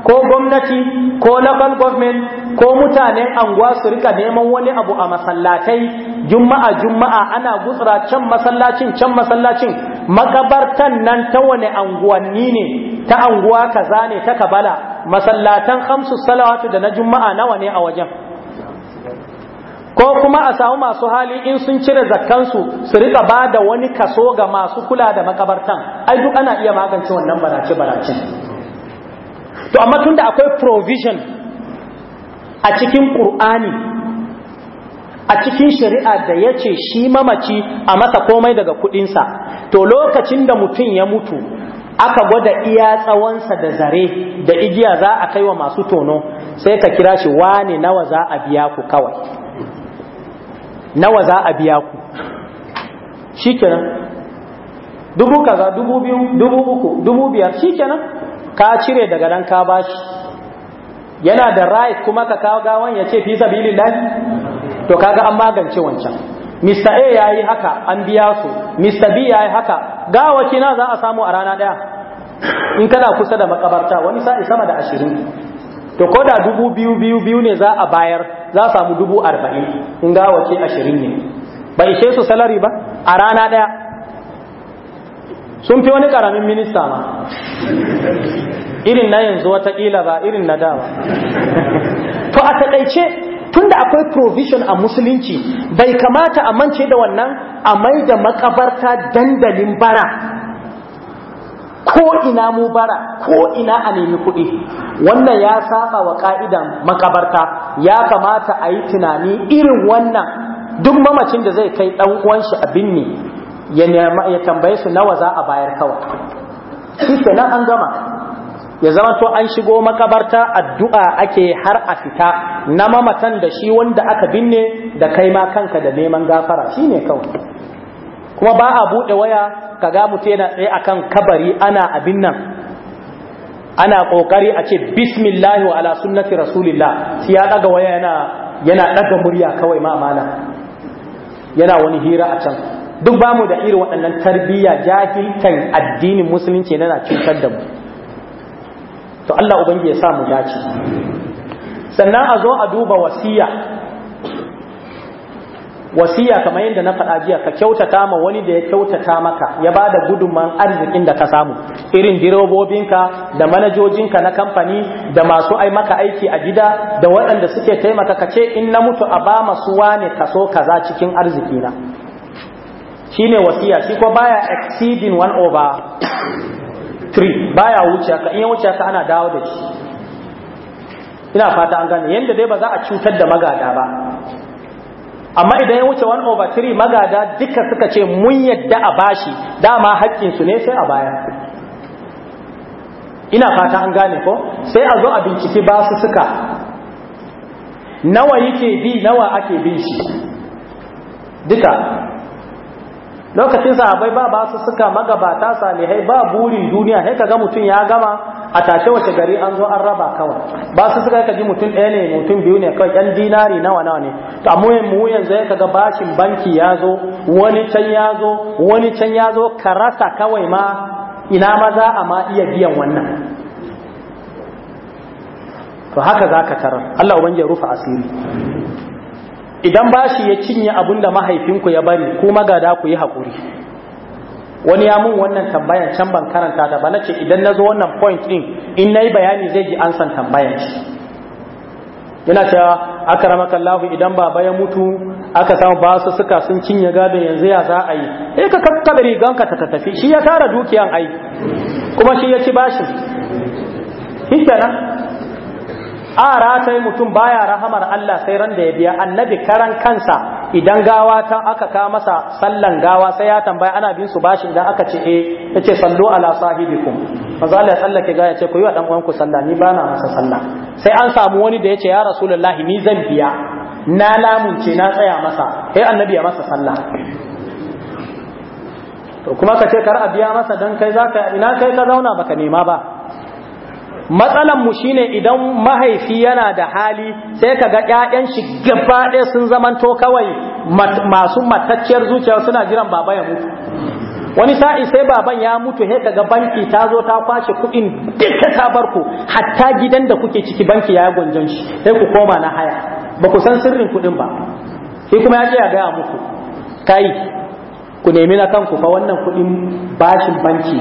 ko gwamnati ko local government ko mutanen anguwa su rika neman wani abu a masallatai juma'a juma'a ana gutsura can masallacin can masallacin makabartan nan ta wani anguwanni ne ta anguwa kaza ne ta kabala masallatan khamsu salawatu da na juma'a nawa ne a wajen ko kuma a samu masu hali in sun cire zakkansu su rika ba da wani kaso ga masu kula da makabartan ai duk ana iya magance wannan barace-baracen to amma tunda akwai provision a cikin ƙur'ani a cikin shari'a da ya ce shi mamaci a masa komai daga kuɗinsa to lokacin da mutum ya mutu aka gwada iya tsawonsa da zare da igiya za a kai wa masu tono sai ka kira shi wane nawa za a biya ku kawai nawa za a biya ku shi kenan dubu kaza dubu biyu dubu uku dubu biyar shi kenan ka cire daga nan ka bashi yana da right kuma ka kawo gawan ya ce fi sabilillahi to kaga an magance wancan Mr. A yayi haka an biya su Mr. B yayi haka gawaki na za a samu a rana daya in kana kusa da makabarta wani sa'i sama da ashirin to ko da dubu biyu biyu biyu ne za a bayar za a samu dubu arba'in in gawa ce ashirin ne ba ishe su salari ba a rana ɗaya sun fi wani ƙaramin minista ma irin na yanzu wataƙila ba irin na dawa to a taƙaice da akwai provision a musulunci bai kamata a mance da wannan a mai da makabarta dandalin bara ko ina mu bara ko ina a nemi kuɗi wannan ya saba wa ka'idan makabarta ya kamata a yi tunani irin wannan duk mamacin da zai kai ɗan uwan shi abin ne ya tambaye su nawa za a bayar kawai shi nan an gama ya zama to an shigo makabarta addu'a ake har a fita na mamatan da shi wanda aka binne da kai ma kanka da neman gafara shine kawai kuma ba a buɗe waya kaga mutu yana tsaye kan kabari ana abin nan ana ƙoƙari a ce bismillahi wa ala sunnati rasulillah sai ya daga waya yana yana murya kawai ma yana wani hira a can duk ba mu da irin waɗannan tarbiyya jahiltan addinin musulunci yana cutar da mu to Allah ubangi ya sa mu dace sannan a zo a duba wasiya wasiya kamar yadda na faɗa jiya ka kyautata ma wani da ya kyautata maka ya ba da gudunman arzikin da ka samu irin direbobinka da manajojinka na kamfani da masu ai maka aiki a gida da waɗanda suke taimaka ka ce in na mutu a ba masu wane kaso kaza cikin arzikina. na shine wasiya shi ko baya exceeding one over three baya wuce ka in ya wuce ka ana dawo da shi ina fata an gane yanda dai ba za a cutar da magada ba amma idan ya wuce 1 over 3 magada duka suka ce mun yadda a bashi dama haƙƙinsu ne sai a baya ina fata an gane ko sai a zo a binciki basu suka nawa yake bi nawa ake bin shi duka lokacin sahabai ba basu suka magabata salihai ba burin duniya ka ga mutum ya gama a tashe wace gari an zo an raba kawai ba su suka kaji mutum ɗaya ne mutum biyu ne kawai yan dinari nawa nawa ne to amma mu yanzu ya kaga bashin banki ya zo wani can ya zo wani can ya zo ka rasa kawai ma ina ma za a ma iya biyan wannan to haka za ka tarar Allah ubangiji ya rufa asiri idan bashi ya cinye abinda mahaifinku ya bari kuma gada ku yi hakuri. wani ya mun wannan tambayan can ban karanta ta ba ce idan na zo wannan point din in na yi bayani zai ji ansan tambayan shi yana aka akramaka Allah idan baba ya mutu aka samu basu suka sun cinye gadon yanzu ya za a yi eh ka kakkabe riganka ta tafi shi ya tara dukiyan ai kuma shi ya ci bashin hikana a sai mutum baya rahamar Allah sai ran da ya biya annabi karan kansa idan gawa ta aka ka masa sallan gawa sai ya tambaya ana bin su bashin da aka ce eh yace sallu ala sahibikum maza Allah ya sallake ga ya ce ku yi wa dan uwanku sallah ni bana masa sallah sai an samu wani da yace ya rasulullahi ni zan biya na lamunce na tsaya masa eh annabi ya masa sallah to kuma ka ce kar a biya masa dan kai zaka ina kai ka zauna baka nema ba matsalan mu shine idan mahaifi yana da hali sai ka ga ƴaƴan shi gaba ɗaya sun zamanto kawai masu matacciyar zuciya suna jiran baba ya mutu wani sa'i sai baban ya mutu sai kaga banki ta zo ta kwashe kuɗin duka ta ku, hatta gidan da kuke ciki banki ya gwanjon shi sai ku koma na haya ba ku san sirrin kuɗin ba sai kuma ya je ya gaya muku kai ku nemi na kanku fa wannan kuɗin bashin banki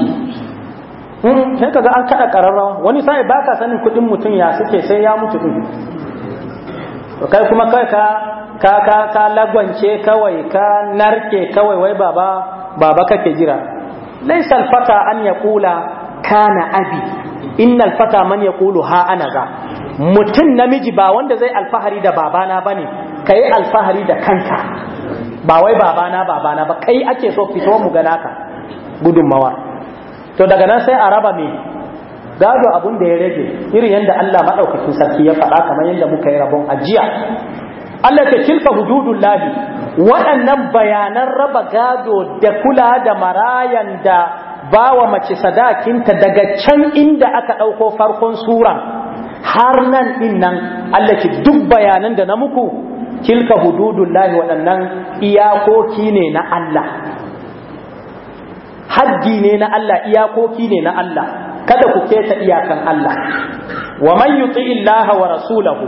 Hmm, sai kaga an kada kararrawa wani sai ba ka sanin kudin mutum ya suke sai ya mutu din to kai kuma kai ka ka ka ka lagwance kawai ka narke kawai wai baba baba kake jira laysa alfata an yaqula kana abi innal fata man yaqulu ha ana za mutum namiji ba wanda zai alfahari da babana bane kai alfahari da kanka ba wai babana babana ba kai ake so fito mu ga naka mawar to daga nan sai a raba me gado abun da ya rage irin yadda Allah maɗaukacin sarki ya faɗa kamar yadda muka yi rabon ajiya Allah ta tilka hududun lahi waɗannan bayanan raba gado da kula da marayan da ba wa mace sadakinta daga can inda aka ɗauko farkon suran har nan in nan Allah ki duk bayanan da na muku tilka hududun lahi waɗannan iyakoki ne na Allah haddi ne na Allah iyakoki ne na Allah kada ku keta iyakan Allah wa man yuti illaha wa rasulahu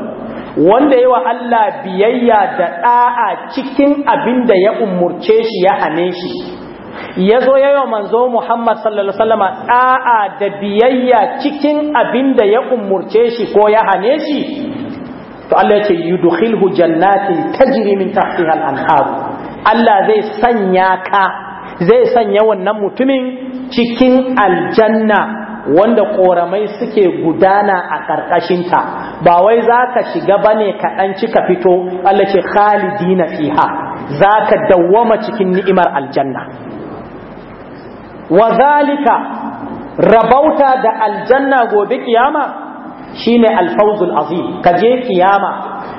wanda yawa Allah biyayya da da'a cikin abin da ya umurce shi ya hane shi yazo yayo manzo Muhammad sallallahu alaihi wasallama da'a da biyayya cikin abin da ya umurce shi ko ya hane shi to Allah yace yudkhilhu jannatin tajri min tahtiha al-anhar Allah zai sanya ka zai sanya wannan mutumin cikin aljanna wanda ƙoramai suke gudana a ƙarƙashinta ba wai za ka shiga ba ne kaɗan cika fito Allah ce na fiha za ka dawwama cikin ni'imar aljanna Wazalika rabauta da aljanna gobe kiyama shine alfawzul azim ka je kiyama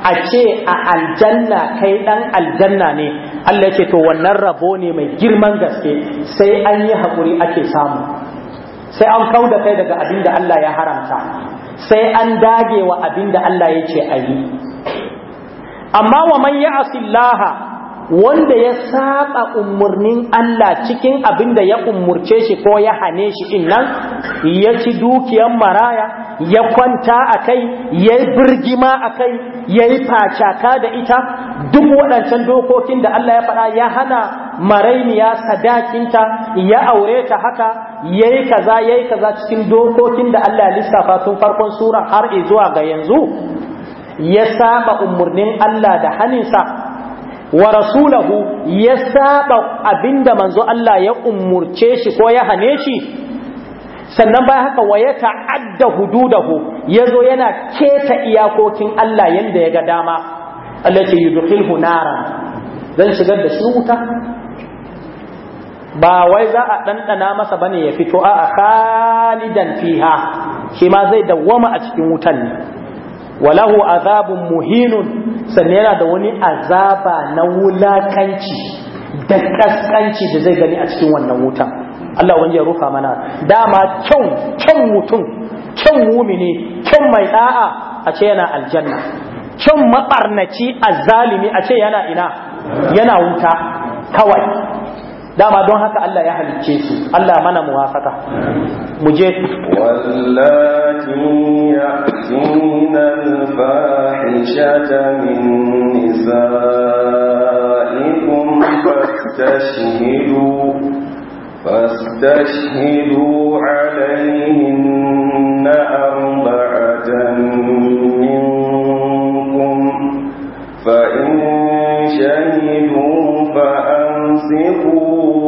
a ce a aljanna kai ɗan aljanna ne Allah ce to wannan rabo ne mai girman gaske sai an yi haƙuri ake samu sai an kau da kai daga abin da Allah ya haramta sai an dage wa abin da Allah ya ce a yi amma wa man ya asillaha wanda ya saba umurnin Allah cikin abin da ya umurce shi ko ya hane shi innan nan ya ci dukiyan maraya ya kwanta a kai ya yi birgima a kai ya yi facaka da ita duk waɗancan dokokin da Allah ya faɗa ya hana marainiya sadakinta ya aure ta haka ya yi kaza ya yi kaza cikin dokokin da Allah ya lissafa tun farkon sura har izuwa ga yanzu ya saba umarnin Allah da haninsa wa rasulahu ya saba abinda manzo Allah ya umurce shi ko ya hane shi sannan bayan haka wa ya ta'adda hududahu yazo yana keta iyakokin Allah yanda ya ga dama Allah ce yudkhilhu nara zan shigar da shi wuta ba wai za a ɗanɗana masa bane ya fito a khalidan fiha shi ma zai dawwama a cikin wutan walahu azabun muhinun sannan yana da wani azaba na wulakanci da kaskanci da zai gani a cikin wannan wuta Allah wani ya rufa mana dama kyau kyan mutum kyan mumini kyan mai da'a a ce yana aljanna kyan maɓarnaci zalimi a ce yana ina yana wuta kawai dama don haka Allah ya halicce su Allah mana muwafaka mu je wallati ya'tina al-fahishata min nisaikum fastashhidu fastashhidu alayhinna arba'atan minkum fa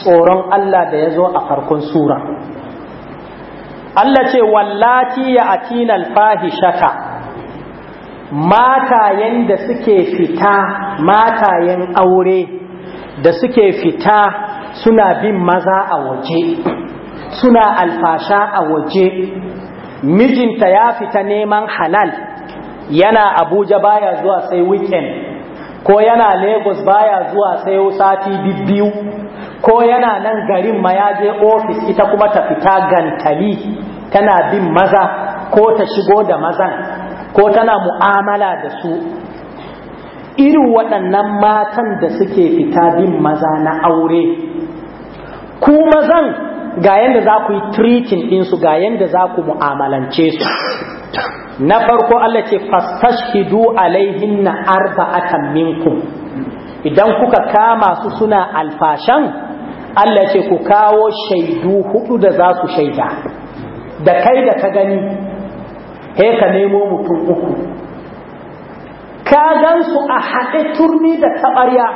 tsoron Allah da ya zo a farkon sura Allah ce wallati ya atinal fahishata matayen da suke fita matayen aure da suke fita suna bin maza a waje suna alfasha a waje mijinta ya fita neman halal yana abuja baya zuwa sai weekend ko yana lagos baya zuwa sai sati biyu ko yana nan garin ma ya je ofis ita kuma ta fita gantali tana bin maza ko ta shigo da mazan ko tana mu'amala da su irin waɗannan matan da suke fita bin maza na aure ku mazan ga yadda za ku yi treating ɗinsu ga yadda za ku mu'amalance su na farko Allah ce fastashhidu alaihinna arba'atan minkum idan kuka kama su suna alfashan Allah ce ku kawo shaidu hudu da za su shaida da kai da ka gani he ka nemo mutum uku ka gan su a haɗe turmi da tabarya.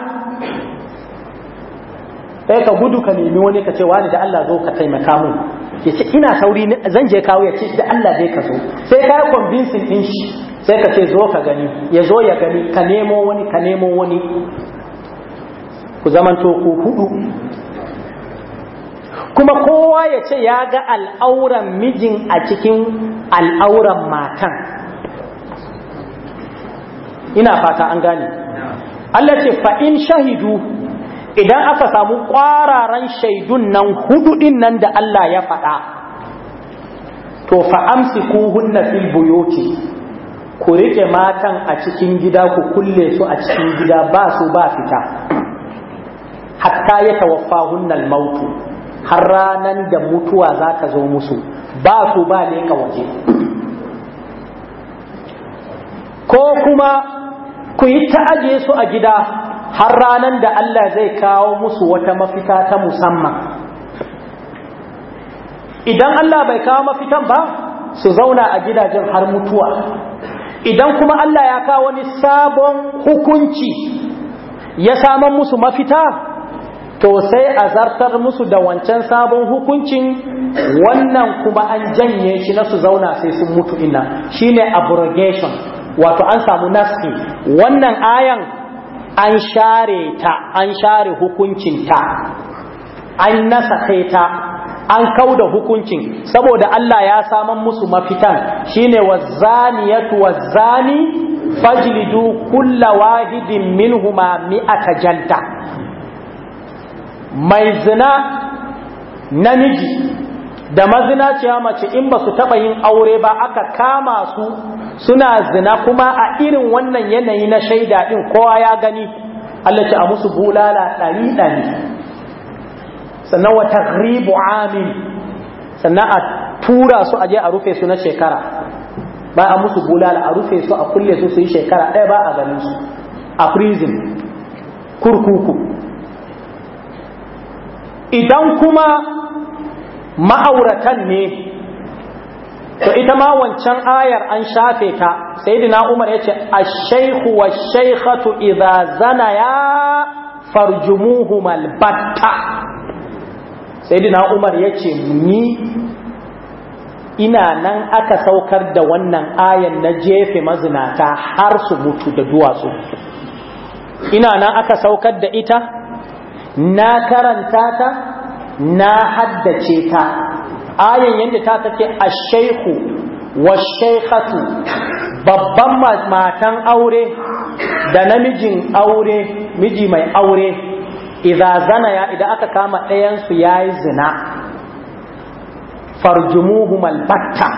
sai ka gudu ka nemi wani ka ce wani da Allah zo ka taimaka mun ya ce ina sauri zan je kawo ya ce da Allah zai ka zo sai ka yi convincing din shi sai ka ce zo ka gani ya zo ya gani ka nemo wani ka nemo wani ku zamanto ku hudu kuma kowa ya ce ya ga al'auran mijin a cikin al'auran matan ina fata an gane Allah ce fa'in shahidu idan aka samu ƙwararan shaidun nan huduɗin nan da Allah ya faɗa to fa'amsi hunna fil buyoti ku riƙe matan a cikin gida ku kulle su a cikin gida ba su ba fita hatta ya tawaffa hunnal mautu har ranan da mutuwa za ka zo musu ba su ba ne ka waje ko kuma ku yi ta su a gida har ranan da Allah zai kawo musu wata mafita ta musamman idan Allah bai kawo mafitan ba su zauna a gidajen har mutuwa idan kuma Allah ya kawo wani sabon hukunci ya saman musu mafita to sai a zartar musu da wancan sabon hukuncin wannan kuma an janye shi na su zauna sai sun mutu ina shine abrogation wato an samu naski wannan ayan an share ta an share hukuncin ta an nasa ta an kau da hukuncin saboda Allah ya saman musu mafitan shine wazzaniyatu wazzani fajlidu kulla wahidin minhuma mi'ata janta. mai zina namiji da mazina mazinaciya mace in ba su taɓa yin aure ba aka kama su suna zina kuma a irin wannan yanayi na shaida ɗin kowa ya gani Allah ce a musu bulala ɗari ɗari sannan wata ribu amin sannan a tura su aje a rufe su na shekara ba a musu bulala a rufe su a kulle su su yi shekara ɗaya ba a ganin su a prison kurkuku idan kuma ma'auratan ne to ita ma wancan ayar an shafe ta sayyidina Umar yace ash-shaykhu wash-shaykhatu idza farjumuhu farjumuhumal batta sayyidina Umar yace ni ina nan aka saukar da wannan ayan na jefe mazinata har su mutu da duwatsu ina nan aka saukar da ita na karanta ta na haddace ta ayan yadda ta take ashaihu wa shaikhatu babban matan aure da namijin aure miji mai aure idza zanaya idan aka kama ɗayan su yayi zina farjumuhum albatta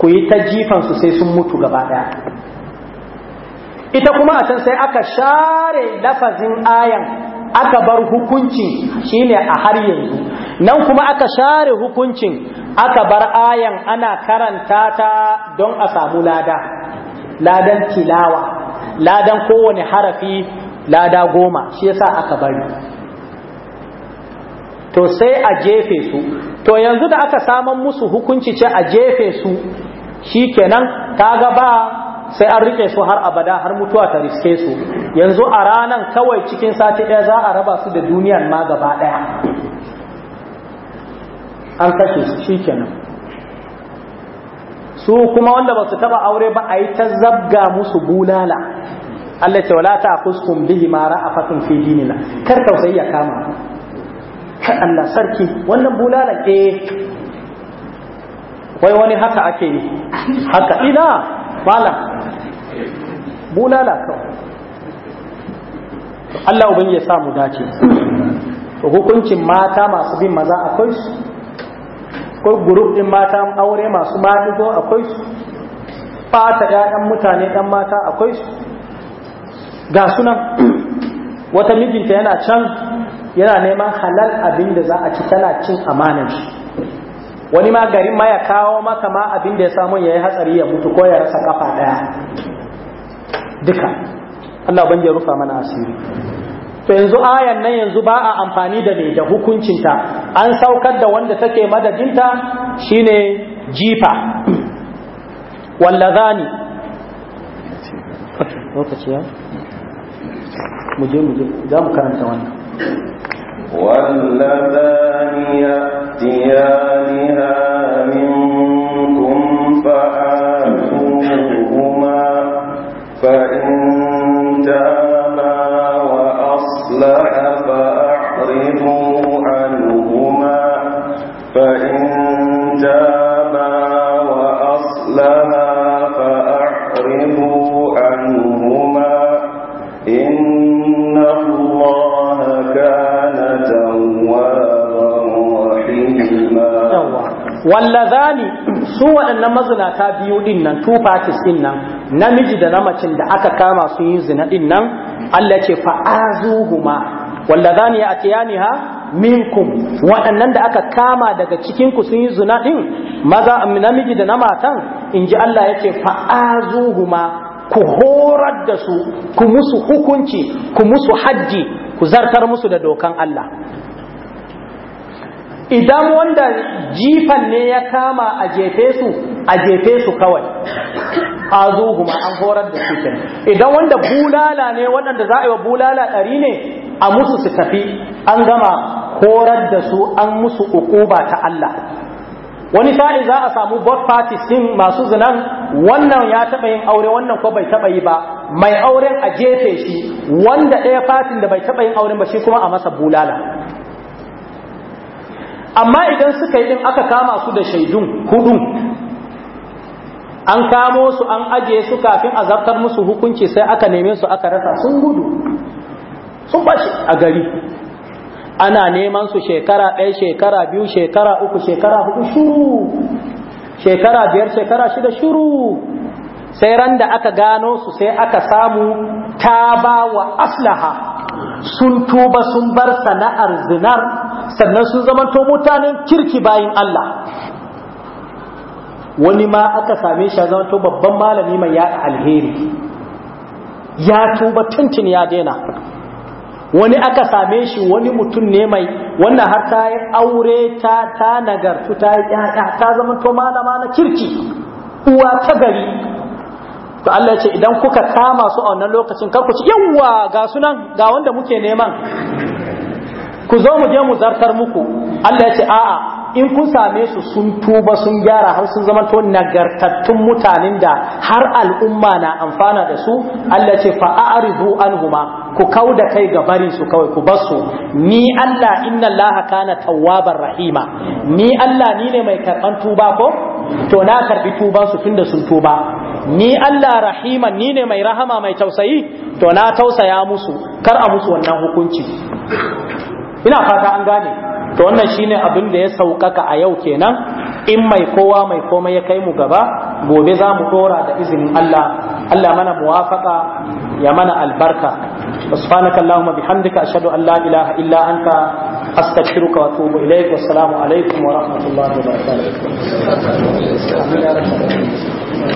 ku yi ta jifan su sai sun mutu gaba daya ita kuma a can sai aka share lafazin ayan aka bar hukunci shine a har yanzu nan kuma aka share hukuncin aka bar ayan ana karanta ta don a samu lada ladan tilawa ladan kowane harafi lada goma shi yasa aka bari to sai a jefe su to yanzu da aka saman musu hukunci ce a jefe su shikenan kaga ba sai an rike su har abada har mutuwa ta riske su yanzu a ranan kawai cikin sati ɗaya za a raba su da duniyan ma gaba ɗaya an kashe su shikenan su kuma wanda ba su taba aure ba a yi ta zabga musu bulala Allah ce wala ta kuskun bihi ma ra'afatun fi dinina kar tausayi ya kama ka Allah sarki wannan bulala eh wai wani haka ake yi haka ina malam bulala kawai Allah ubin ya samu dace to hukuncin mata masu bin maza akwai su ko guruf din mata aure masu madigo akwai su fata ɗan mutane ɗan mata akwai su ga sunan wata mijinta yana can yana neman halal abin da za a ci tana cin amana shi wani ma garin ma ya kawo maka ma abin da ya samu ya yi hatsari ya mutu ko ya rasa kafa ɗaya duka Allah ban ya rufa mana asiri to yanzu ayan nan yanzu ba a amfani da ne da hukuncinta an saukar da wanda take madadinta shine jifa wallazani lokaci ya mu je mu je za mu karanta wannan wallazani ya tiyaniha wallazani su waɗannan mazinata biyu din nan two parties din nan namiji da na macin da aka kama su yin zina din nan Allah ce fa'azuhuma wallazani atiyani ha minkum waɗannan da aka kama daga cikin ku sun yi zina din maza namiji da na matan inji Allah yace fa'azuhuma ku horar da su ku musu hukunci ku musu haddi ku zartar musu da dokan Allah idan wanda jifan ne ya kama a jefe su a jefe su kawai a kuma an horar da su idan wanda bulala ne waɗanda za a yi wa bulala ɗari ne a musu su tafi an gama horar da su an musu ukuba ta Allah wani sa'i za a samu both parties din masu zinan wannan ya taɓa yin aure wannan ko bai taɓa yi ba mai auren a jefe shi wanda ɗaya fatin da bai taɓa yin auren ba shi kuma a masa bulala amma idan suka yi din aka kama su da shaidun hudun an kamo su an ajiye su kafin a zartar musu hukunci sai aka neme su aka rasa sun gudu sun bace a gari ana neman su shekara ɗaya shekara biyu shekara uku shekara hudu shuru shekara biyar shekara shida shuru sai ran da aka gano su sai aka samu ta ba wa aslaha sun tuba sun bar sana'ar zinar sannan sun zamanto mutanen kirki bayin Allah wani ma aka same shi zamanto babban malami mai yaɗa alheri ya tuba tuntun ya daina wani aka same shi wani mutum ne mai wannan har ta yi aure ta ta nagartu ta yi ƴaƴa ta zamanto malama na kirki uwa ta gari to Allah ya ce idan kuka kama su a wannan lokacin kar ku ci yawwa ga sunan ga wanda muke neman ku zo mu je mu zartar muku Allah ya ce a'a in kun same su sun tuba sun gyara har sun zama to nagartattun mutanen da har al'umma na amfana da su Allah ya ce fa a'ridu anhuma ku kau da kai ga bari su kawai ku bar su ni Allah inna Allah kana tawwabar rahima ni Allah ni ne mai karban tuba ko to na karbi tuban su tunda sun tuba ni Allah rahiman ni ne mai rahama mai tausayi to na tausaya musu kar a musu wannan hukunci ina fata an gane to wannan shine abin da ya sauƙaƙa a yau kenan in mai kowa mai komai ya kai mu gaba gobe za mu dora da izinin Allah Allah mana muwafaqa ya mana albarka subhanaka allahumma bihamdika ashhadu an la ilaha illa anta astaghfiruka wa atubu ilaik wassalamu alaikum wa rahmatullahi wa barakatuh